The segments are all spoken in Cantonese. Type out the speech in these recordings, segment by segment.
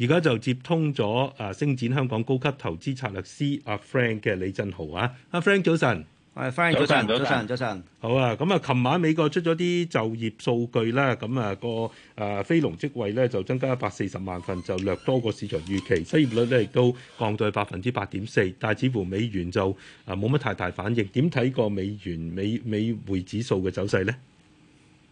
而家就接通咗啊，星展香港高級投資策略師阿、啊、Frank 嘅李振豪啊，啊、uh、，Frank 早晨，啊早，早，早晨，早晨，早晨，好啊，咁啊，琴晚美國出咗啲就業數據啦，咁啊，個啊非農職位咧就增加一百四十萬份，就略多過市場預期，失業率咧亦都降到百分之八點四，但係似乎美元就啊冇乜太大反應，點睇個美元美美匯指數嘅走勢咧？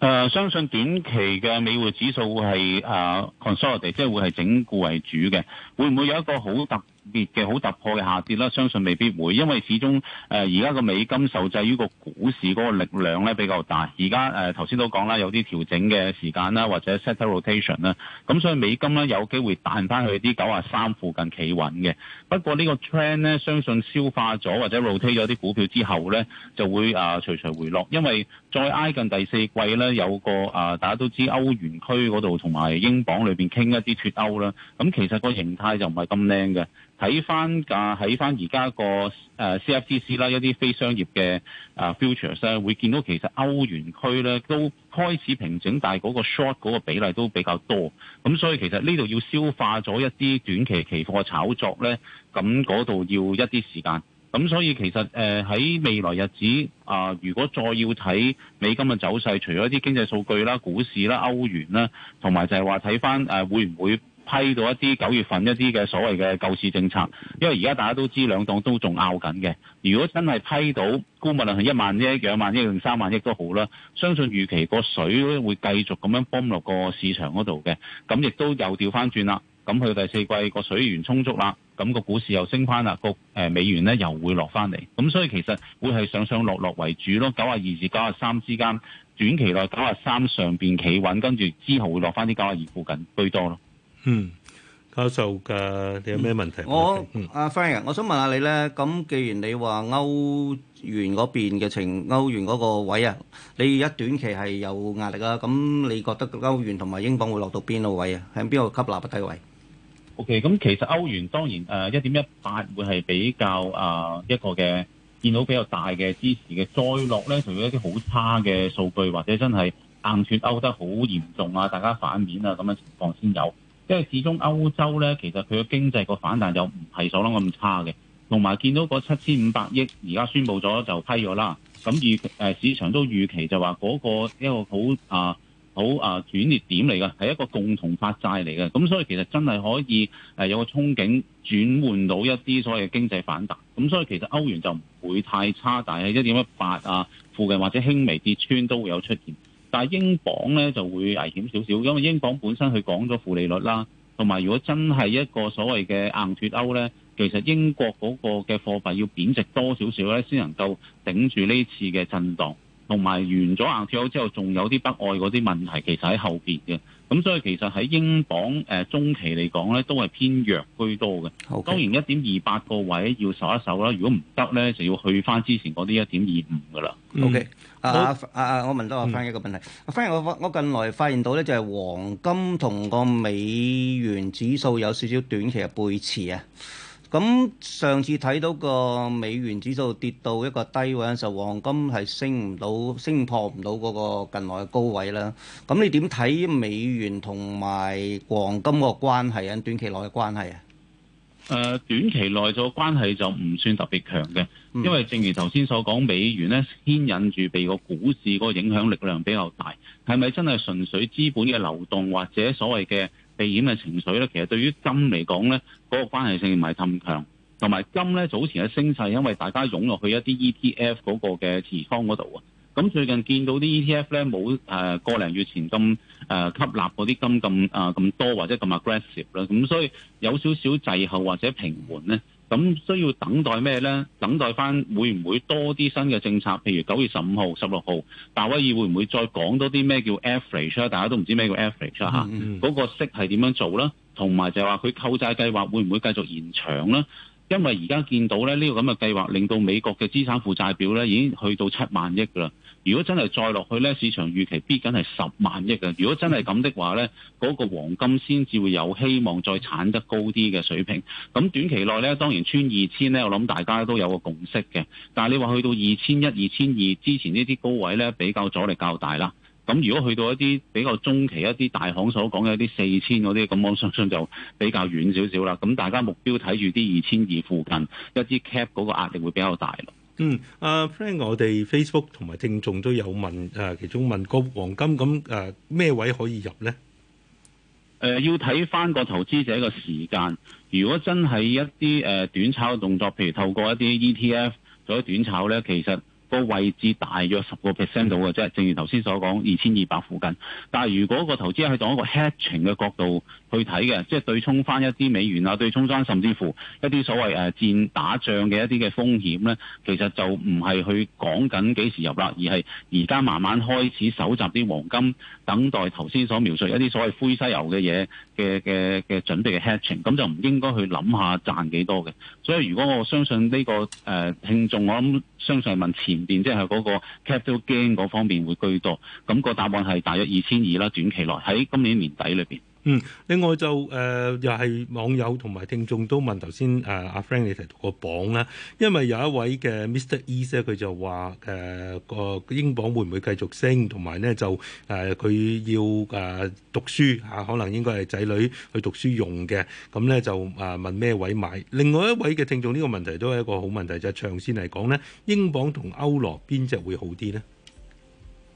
誒、呃、相信短期嘅美匯指數會係誒、uh, consolidate，即係會係整固為主嘅。會唔會有一個好特別嘅好突破嘅下跌咧？相信未必會，因為始終誒而家個美金受制於個股市嗰個力量咧比較大。而家誒頭先都講啦，有啲調整嘅時間啦，或者 set rotation 啦。咁所以美金咧有機會彈翻去啲九啊三附近企穩嘅。不過呢個 trend 咧，相信消化咗或者 rotate 咗啲股票之後咧，就會誒隨隨回落，因為，再挨近第四季呢，有個啊，大家都知歐元區嗰度同埋英鎊裏面傾一啲脫歐啦。咁其實個形態就唔係咁靚嘅。睇翻睇喺翻而家個 CFTC 啦，CFCC，一啲非商業嘅 futures 呢，會見到其實歐元區呢都開始平整，但係嗰個 short 嗰個比例都比較多。咁所以其實呢度要消化咗一啲短期期貨炒作呢，咁嗰度要一啲時間。咁所以其實誒喺未來日子啊、呃，如果再要睇美金嘅走勢，除咗啲經濟數據啦、股市啦、歐元啦，同埋就係話睇翻誒會唔會批到一啲九月份一啲嘅所謂嘅救市政策？因為而家大家都知兩黨都仲拗緊嘅。如果真係批到姑勿論係一萬億、兩萬億、定三萬億都好啦，相信預期個水會繼續咁樣泵落個市場嗰度嘅。咁亦都又掉翻轉啦。咁去第四季個水源充足啦。咁個股市又升翻啦，個誒美元咧又會落翻嚟，咁所以其實會係上上落落為主咯，九啊二至九啊三之間，短期內九啊三上邊企穩，跟住之後會落翻啲九啊二附近居多咯。嗯，教授嘅，你有咩問題？我阿 Friend，我想問下你咧，咁既然你話歐元嗰邊嘅情，歐元嗰個位啊，你而家短期係有壓力啦，咁你覺得歐元同埋英鎊會落到邊個位啊？喺邊個吸納嘅低位？O.K. 咁其實歐元當然誒一點一八會係比較啊、呃、一個嘅見到比較大嘅支持嘅，再落咧，除咗一啲好差嘅數據或者真係硬脫歐得好嚴重啊，大家反面啊咁樣情況先有，因為始終歐洲咧其實佢嘅經濟個反彈又唔係所諗咁差嘅，同埋見到嗰七千五百億而家宣布咗就批咗啦，咁、呃、市場都預期就話嗰個一個好啊。呃好啊，轉捩點嚟嘅，係一個共同發債嚟嘅，咁所以其實真係可以、啊、有個憧憬轉換到一啲所謂嘅經濟反彈，咁所以其實歐元就唔會太差，但係一點一八啊附近或者輕微跌穿都會有出現，但係英鎊呢就會危險少少，因為英鎊本身佢講咗負利率啦，同埋如果真係一個所謂嘅硬脱歐呢，其實英國嗰個嘅貨幣要貶值多少少呢，先能夠頂住呢次嘅震盪。同埋完咗硬跳之後，仲有啲不外嗰啲問題，其實喺後邊嘅咁，所以其實喺英鎊誒中期嚟講咧，都係偏弱居多嘅。好，當然一點二八個位要守一守啦。如果唔得咧，就要去翻之前嗰啲一點二五噶啦。O K，阿阿我問多阿 Frank 一個問題，Frank、嗯、我我近來發現到咧，就係黃金同個美元指數有少少短期嘅背馳啊。咁上次睇到個美元指數跌到一個低位時候，黃金係升唔到、升破唔到嗰個近來嘅高位啦。咁你點睇美元同埋黃金個關係啊？短期內嘅關係啊？誒，短期內就關係就唔算特別強嘅，因為正如頭先所講，美元咧牽引住被個股市嗰個影響力量比較大。係咪真係純粹資本嘅流動，或者所謂嘅避險嘅情緒咧，其實對於金嚟講咧，嗰、嗰個關係性唔係咁強，同埋金咧早前嘅升勢，因為大家湧落去一啲 ETF 嗰個嘅持倉嗰度啊，咁最近見到啲 ETF 咧冇誒個零月前咁誒、呃、吸納嗰啲金咁啊咁多或者咁 aggressive 啦，咁所以有少少滯後或者平緩咧。咁需要等待咩呢？等待翻會唔會多啲新嘅政策？譬如九月十五號、十六號，大威爾會唔會再講多啲咩叫 average 大家都唔知咩叫 average、mm. 啊？嗰個息係點樣做啦？同埋就話佢購債計劃會唔會繼續延長啦因為而家見到咧，呢個咁嘅計劃令到美國嘅資產負債表咧已經去到七萬億噶啦。如果真係再落去咧，市場預期必緊係十萬億嘅。如果真係咁的話咧，嗰個黃金先至會有希望再產得高啲嘅水平。咁短期內咧，當然穿二千咧，我諗大家都有個共識嘅。但係你話去到二千一、二千二之前呢啲高位咧，比較阻力較大啦。咁如果去到一啲比較中期的一啲大行所講嘅一啲四千嗰啲，咁我相信就比較遠少少啦。咁大家目標睇住啲二千二附近一啲 cap 嗰個壓力會比較大咯。嗯，阿、啊、friend，我哋 Facebook 同埋聽眾都有問，誒、啊，其中問個黃金咁誒，咩、啊、位可以入呢？誒、呃，要睇翻個投資者嘅時間。如果真係一啲誒、呃、短炒嘅動作，譬如透過一啲 ETF 做一啲短炒咧，其實。個位置大約十個 percent 到嘅即啫，就是、正如頭先所講，二千二百附近。但係如果個投資去從一個 hedging 嘅角度去睇嘅，即、就、係、是、對沖返一啲美元啊，對沖返甚至乎一啲所謂誒、啊、戰打仗嘅一啲嘅風險呢，其實就唔係去講緊幾時入啦，而係而家慢慢開始搜集啲黃金，等待頭先所描述一啲所謂灰犀牛嘅嘢嘅嘅嘅準備嘅 hedging，咁就唔應該去諗下賺幾多嘅。所以如果我相信呢、這個誒、啊、聽眾，我諗相信問前。即係嗰個 capital gain，嗰方面會居多，咁、嗰個答案係大約二千二啦。短期內喺今年年底裏邊。嗯，另外就誒、呃、又係網友同埋聽眾都問頭先誒阿 Frank 你提到個鎊啦，因為有一位嘅 Mr. Easy 佢就話誒個英鎊會唔會繼續升，同埋咧就誒佢、呃、要誒、啊、讀書嚇、啊，可能應該係仔女去讀書用嘅，咁咧就誒、啊、問咩位買。另外一位嘅聽眾呢個問題都係一個好問題，就長線嚟講咧，英鎊同歐羅邊隻會好啲咧？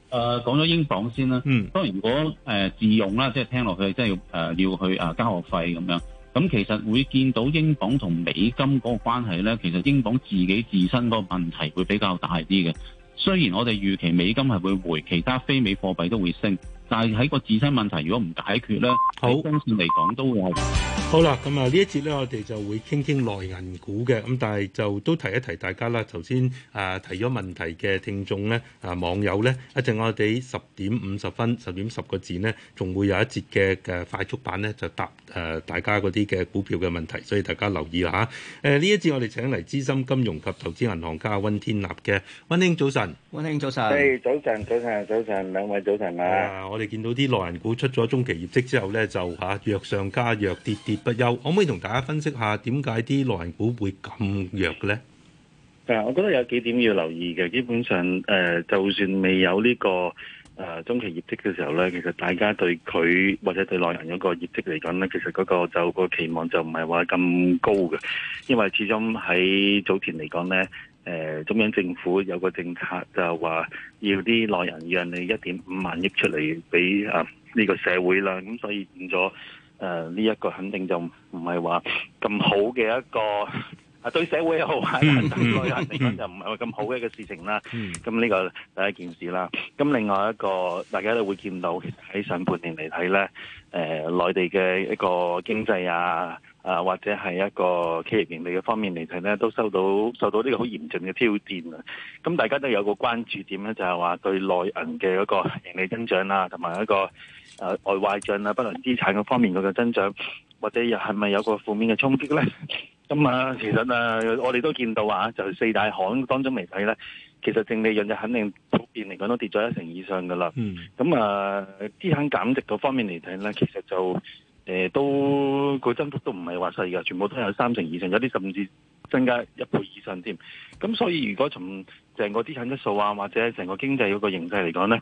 誒講咗英鎊先啦、嗯，當然如果誒、呃、自用啦，即係聽落去，即係要誒、呃、要去誒交、呃、學費咁樣。咁其實會見到英鎊同美金嗰個關係呢。其實英鎊自己自身嗰個問題會比較大啲嘅。雖然我哋預期美金係會回，其他非美貨幣都會升。但係喺個自身問題，如果唔解決咧，好，相對嚟講都會係好啦。咁啊，呢一節咧，我哋就會傾傾內銀股嘅。咁但係就都提一提大家啦。頭先啊提咗問題嘅聽眾咧啊網友咧，一陣我哋十點五十分、十點十個字呢，仲會有一節嘅嘅快速版咧，就答誒大家嗰啲嘅股票嘅問題。所以大家留意啦嚇。誒呢一節我哋請嚟資深金融及投資銀行家温天納嘅温兄早晨，温兄早晨。早晨，誒早晨，早晨，早晨，兩位早晨嘛、啊。啊。我哋見到啲內銀股出咗中期業績之後咧，就嚇、啊、弱上加弱，跌跌不休。可唔可以同大家分析下點解啲內銀股會咁弱嘅咧？誒，我覺得有幾點要留意嘅。基本上誒、呃，就算未有呢、這個誒、呃、中期業績嘅時候咧，其實大家對佢或者對內銀嗰個業績嚟講咧，其實嗰個就、那個期望就唔係話咁高嘅，因為始終喺早前嚟講咧。誒，中央政府有個政策，就係話要啲內銀讓你一點五萬億出嚟俾啊，呢個社會啦，咁所以變咗誒，呢一個肯定就唔係話咁好嘅一個。啊， 對社會又好，對內銀嚟講就唔係咁好嘅一個事情啦。咁 呢個第一件事啦。咁另外一個大家都會見到，喺上半年嚟睇咧，誒、呃、內地嘅一個經濟啊，啊或者係一個企業盈利嘅方面嚟睇咧，都收到受到呢個好嚴峻嘅挑戰啊。咁大家都有一個關注點咧，就係、是、話對內銀嘅一個盈利增長啊，同埋一個誒、呃、壞賬啊、不良資產嘅方面嘅增長，或者又係咪有個負面嘅衝擊咧？咁、嗯、啊，其實啊，我哋都見到啊，就四大行當中嚟睇咧，其實淨利潤就肯定普遍嚟講都跌咗一成以上噶啦。咁、嗯嗯、啊，資產減值嗰方面嚟睇咧，其實就誒、呃、都個增幅都唔係話細㗎，全部都有三成以上，有啲甚至增加一倍以上添。咁所以如果從成個資產質素啊，或者成個經濟嗰個形勢嚟講咧，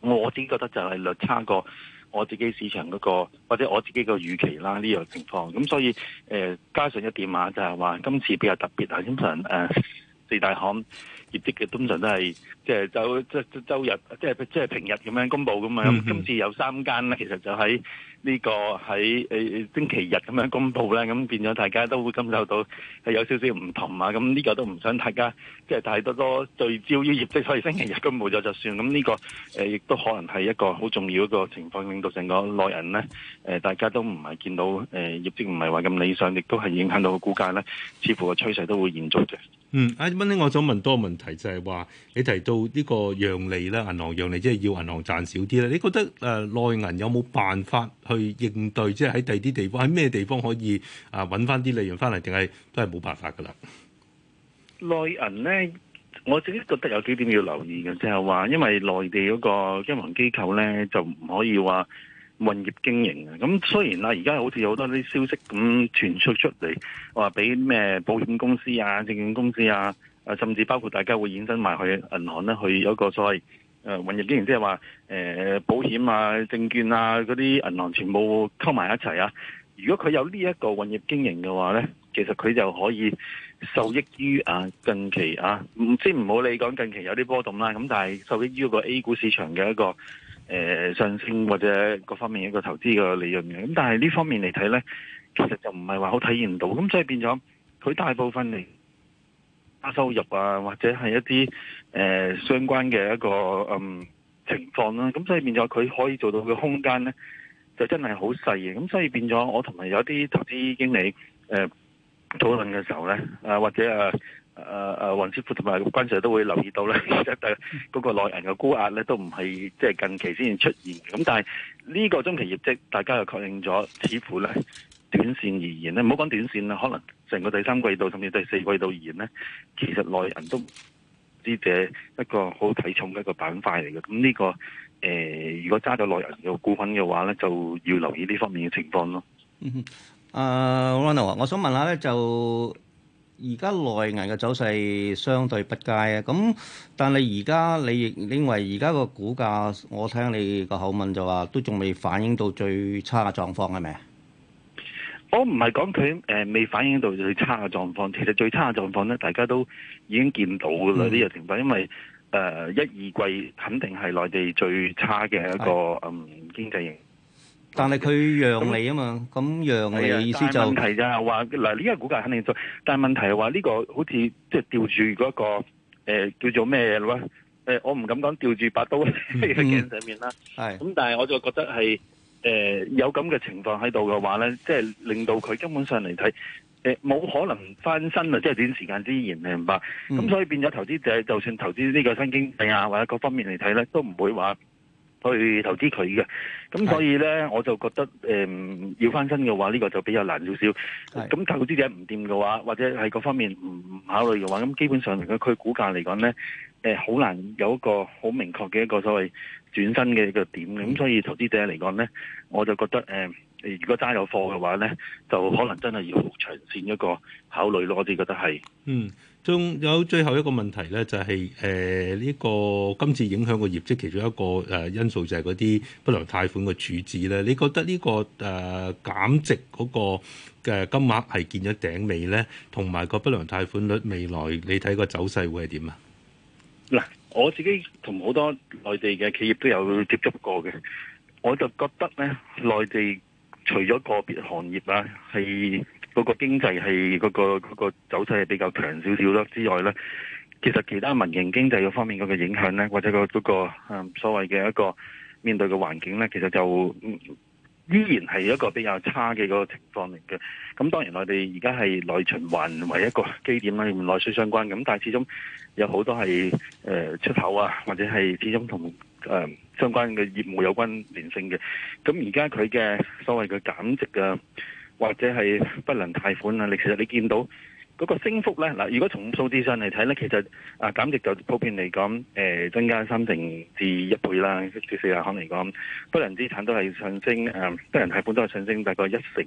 我自己覺得就係略差過。我自己市場嗰、那個，或者我自己個預期啦，呢樣情況，咁所以誒、呃，加上一點啊，就係話今次比較特別啊，咁可能誒四大行。業績嘅通常都係即係周即即週日，即係即係平日咁樣公佈咁啊！今次有三間咧，其實就喺呢、這個喺誒、呃、星期日咁樣公佈咧，咁變咗大家都會感受到係有少少唔同啊！咁呢個都唔想大家即係、就是、太多多聚焦於業績，所以星期日公佈咗就算。咁呢、這個誒、呃、亦都可能係一個好重要一個情況，令到成個內人咧誒、呃，大家都唔係見到誒、呃、業績唔係話咁理想，亦都係影響到個股價咧，似乎個趨勢都會延續嘅。嗯，阿溫呢，我想問多個問題就係話你提到呢個讓利啦，銀行讓利即係要銀行賺少啲咧。你覺得誒內銀有冇辦法去應對？即係喺第二啲地方，喺咩地方可以啊揾翻啲利潤翻嚟？定係都係冇辦法噶啦？內銀咧，我自己覺得有幾點要留意嘅，就係話因為內地嗰個金融機構咧，就唔可以話。混業經營啊！咁雖然啦，而家好似有好多啲消息咁傳出出嚟，話俾咩保險公司啊、證券公司啊，啊甚至包括大家會衍生埋去銀行咧，去有一個所謂誒、呃、混業經營，即係話誒保險啊、證券啊嗰啲銀行全部溝埋一齊啊！如果佢有呢一個混業經營嘅話咧，其實佢就可以受益於啊近期啊，唔即唔好你講近期有啲波動啦，咁但係受益於一個 A 股市場嘅一個。誒、呃，上升或者各方面一個投資嘅利潤嘅，咁但係呢方面嚟睇呢，其實就唔係話好體現到。咁所以變咗佢大部分嚟加收入啊，或者係一啲誒、呃、相關嘅一個嗯情況啦、啊，咁所以變咗佢可以做到嘅空間呢，就真係好細嘅。咁所以變咗我同埋有啲投資經理誒討、呃、論嘅時候呢，啊、或者、啊誒、呃、誒，黃師傅同埋軍 Sir 都會留意到咧，其實嗰個內銀嘅估壓咧都唔係即係近期先出現。咁但係呢個中期業績，大家又確認咗，似乎咧短線而言咧，唔好講短線啦，可能成個第三季度甚至第四季度而言咧，其實內銀都知，只一個好睇重嘅一個板塊嚟嘅。咁呢、這個誒、呃，如果揸咗內銀嘅股份嘅話咧，就要留意呢方面嘅情況咯。嗯、呃、我想問下咧就。而家內銀嘅走勢相對不佳啊！咁，但係而家你認你認為而家個股價，我聽你個口問就話都仲未反映到最差嘅狀況，係咪？我唔係講佢誒未反映到最差嘅狀況，其實最差嘅狀況咧，大家都已經見到啦呢個情況，因為誒、呃、一、二季肯定係內地最差嘅一個的嗯經濟型，但係佢讓你啊嘛，咁、嗯、讓你嘅意思就是，但係問題就係話嗱，呢、這個股價肯定做。但係問題係話呢個好似即係吊住嗰、那個、呃、叫做咩嘢咯？誒、呃，我唔敢講吊住把刀喺個頸上面啦。咁、嗯、但係我就覺得係誒、呃、有咁嘅情況喺度嘅話咧，即、就、係、是、令到佢根本上嚟睇冇可能翻身啊！即、就、係、是、短時間之內明白，咁、嗯、所以變咗投資者就算投資呢個新經濟啊或者各方面嚟睇咧，都唔會話。去投資佢嘅，咁所以咧我就覺得誒、呃、要翻身嘅話，呢、呢個就比較難少少。咁投資者唔掂嘅話，或者係各方面唔考慮嘅話，咁基本上嚟講，佢股價嚟講咧，誒、呃、好難有一個好明確嘅一個所謂轉身嘅一個點。咁所以投資者嚟講咧，我就覺得誒、呃，如果揸有貨嘅話咧，就可能真係要長線一個考慮咯。我哋覺得係嗯。仲有最後一個問題咧，就係誒呢個今次影響個業績其中一個誒因素就係嗰啲不良貸款嘅處置咧。你覺得呢、呢個誒、呃、減值嗰個嘅金額係見咗頂未咧？同埋個不良貸款率未來你睇個走勢會係點啊？嗱，我自己同好多內地嘅企業都有接觸過嘅，我就覺得咧，內地除咗個別行業啊，係。嗰、那個經濟係嗰、那個嗰、那個、走勢係比較強少少咯，之外咧，其實其他民營經濟方面嗰個影響咧，或者嗰、那個所謂嘅一個面對嘅環境咧，其實就依然係一個比較差嘅嗰個情況嚟嘅。咁當然我哋而家係內循環為一個基點啦，內需相關咁，但係始終有好多係、呃、出口啊，或者係始終同誒、呃、相關嘅業務有關聯性嘅。咁而家佢嘅所謂嘅減值啊～或者係不良貸款啊！你其實你見到嗰個升幅咧，嗱，如果從數字上嚟睇咧，其實啊，減值就普遍嚟講，呃，增加三成至一倍啦。即四大行可能嚟講，不良資產都係上升，呃，不良貸款都係上升，大概一成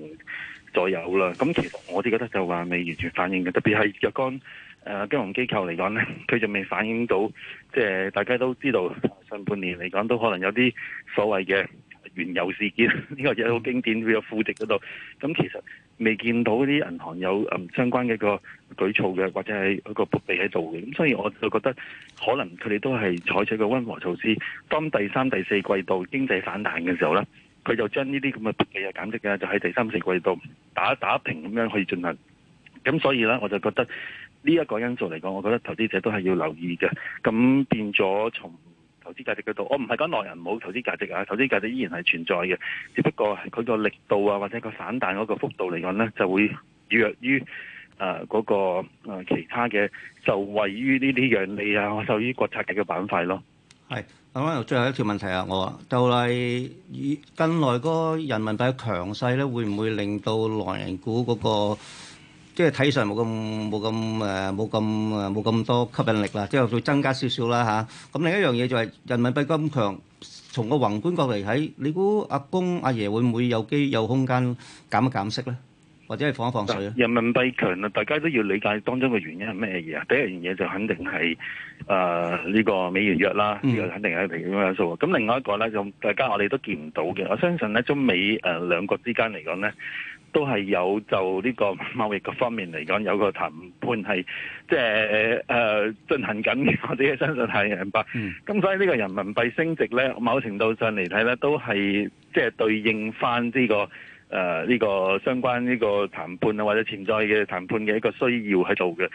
左右啦。咁其實我哋覺得就話未完全反映嘅，特別係若干，呃，金融機構嚟講咧，佢就未反映到，即係大家都知道上半年嚟講都可能有啲所謂嘅。原油事件呢個嘢好經典，佢有負值嗰度，咁其實未見到啲銀行有嗯相關嘅個舉措嘅，或者係一個撥備喺度嘅，咁所以我就覺得可能佢哋都係採取一個溫和措施。當第三、第四季度經濟反彈嘅時候咧，佢就將呢啲咁嘅撥備啊減息嘅，就喺第三、四季度打一打平咁樣可以進行。咁所以咧，我就覺得呢一個因素嚟講，我覺得投資者都係要留意嘅。咁變咗從，投資價值嗰度，我唔係講內銀冇投資價值啊，投資價值依然係存在嘅，只不過係佢個力度啊，或者個反彈嗰個幅度嚟講咧，就會弱於誒嗰、呃那個、呃、其他嘅就受惠於呢啲讓利啊，受於國策嘅嘅板塊咯。係咁，最後一條問題啊，我就係、是、近來個人民幣強勢咧，會唔會令到內銀股嗰、那個？即係睇上冇咁冇咁誒冇咁誒冇咁多吸引力啦，即係會增加少少啦嚇。咁另一樣嘢就係人民幣咁強，從個宏觀角度嚟睇，你估阿公阿爺會唔會有機有空間減一減息咧，或者係放一放水咧？人民幣強啊，大家都要理解當中嘅原因係咩嘢啊？第一樣嘢就肯定係誒呢個美元弱啦，呢個肯定係其中一個因素。咁另外一個咧就大家我哋都見唔到嘅，我相信咧中美誒兩國之間嚟講咧。都係有就呢個貿易嘅方面嚟講，有個談判係即係誒進行緊嘅，我自己相信係唔錯。咁所以呢個人民幣升值咧，某程度上嚟睇咧，都係即係對應翻呢個。誒、呃、呢、這個相關呢個談判啊，或者潛在嘅談判嘅一個需要喺度嘅，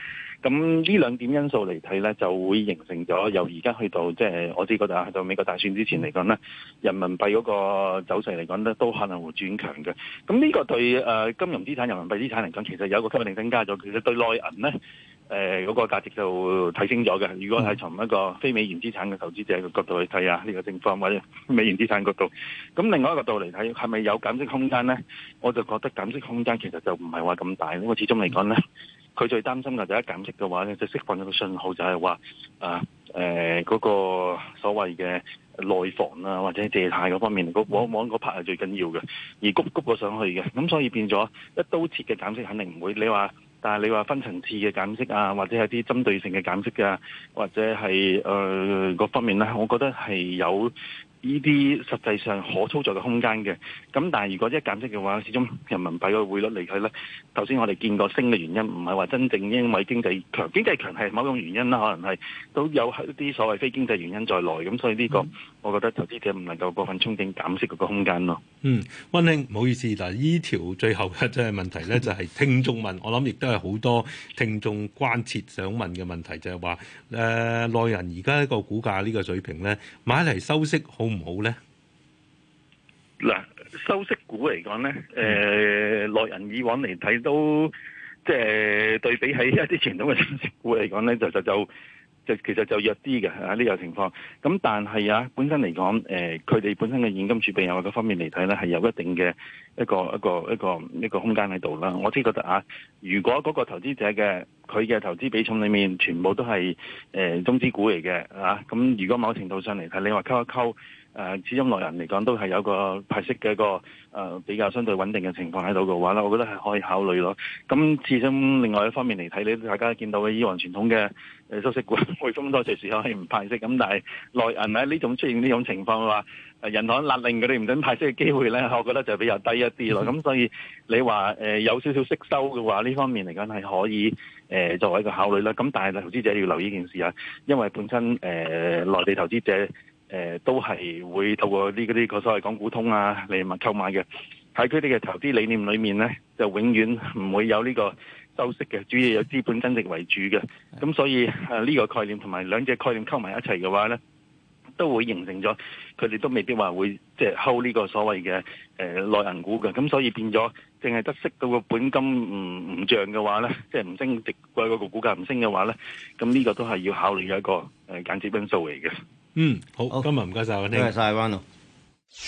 咁呢兩點因素嚟睇咧，就會形成咗由而家去到即係、就是、我哋嗰度，去到美國大選之前嚟講咧，人民幣嗰個走勢嚟講咧，都可能會轉強嘅。咁呢個對誒、呃、金融資產、人民幣資產嚟講，其實有一個吸引力增加咗。其實對內銀咧。誒嗰、嗰個價值就睇清楚嘅。如果係從一個非美元資產嘅投資者嘅角度去睇下呢個情況或者美元資產角度，咁另外一個角度嚟睇，係咪有減息空間咧？我就覺得減息空間其實就唔係話咁大。因為始終嚟講咧，佢最擔心嘅第一減息嘅話咧，就釋、是、放咗個信號就係話啊嗰個所謂嘅內房啊或者借貸嗰方面，個往往嗰 part 係最緊要嘅，而谷谷過上去嘅，咁所以變咗一刀切嘅減息肯定唔會。你話？但係你話分層次嘅減息啊，或者係啲針對性嘅減息啊，或者係誒各方面咧，我覺得係有。呢啲實際上可操作嘅空間嘅，咁但係如果一減息嘅話，始終人民幣嘅匯率嚟睇呢，頭先我哋見過升嘅原因唔係話真正因為經濟強，經濟強係某種原因啦，可能係都有一啲所謂非經濟原因在內，咁所以呢個我覺得投資者唔能夠過分憧憬減息嗰個空間咯。嗯，溫兄，唔好意思，嗱，呢條最後嘅即係問題呢，就係聽眾問，我諗亦都係好多聽眾關切想問嘅問題，就係話誒內銀而家一個股價呢個水平呢，買嚟收息好。好唔好咧，嗱，收息股嚟講咧，誒，內銀以往嚟睇都即係對比起一啲傳統嘅收息股嚟講咧，就就就。就其實就弱啲嘅喺呢個情況，咁但係啊，本身嚟講，誒佢哋本身嘅現金儲備又或者各方面嚟睇咧，係有一定嘅一個一個一個一個空間喺度啦。我只覺得啊，如果嗰個投資者嘅佢嘅投資比重裏面全部都係誒、呃、中資股嚟嘅，啊咁，如果某程度上嚟睇，你話溝一溝。誒，始終內銀嚟講都係有個派息嘅一個誒、呃，比較相對穩定嘅情況喺度嘅話咧，我覺得係可以考慮咯。咁始終另外一方面嚟睇，你大家見到嘅以往傳統嘅誒、呃、收息股會封多，隨時可以唔派息。咁但係內銀喺呢種出現呢種情況嘅話，誒銀行勒令佢哋唔準派息嘅機會咧，我覺得就比較低一啲咯。咁 所以你話誒、呃、有少少息收嘅話，呢方面嚟講係可以誒、呃、作為一個考慮啦。咁但係投資者要留意件事啊，因為本身誒內、呃、地投資者。誒、呃、都係會透過呢啲個所謂港股通啊嚟買購買嘅，喺佢哋嘅投資理念裏面咧，就永遠唔會有呢個收息嘅，主要有資本增值為主嘅。咁所以啊，呢、這個概念同埋兩隻概念溝埋一齊嘅話咧，都會形成咗佢哋都未必話會即係 hold 呢個所謂嘅誒、呃、內銀股嘅。咁所以變咗，淨係得息嗰個本金唔唔漲嘅話咧，即係唔升值，貴嗰個股價唔升嘅話咧，咁呢個都係要考慮一個誒、呃、間接因素嚟嘅。嗯，好，今日唔該晒，我哋唔該晒，彎路。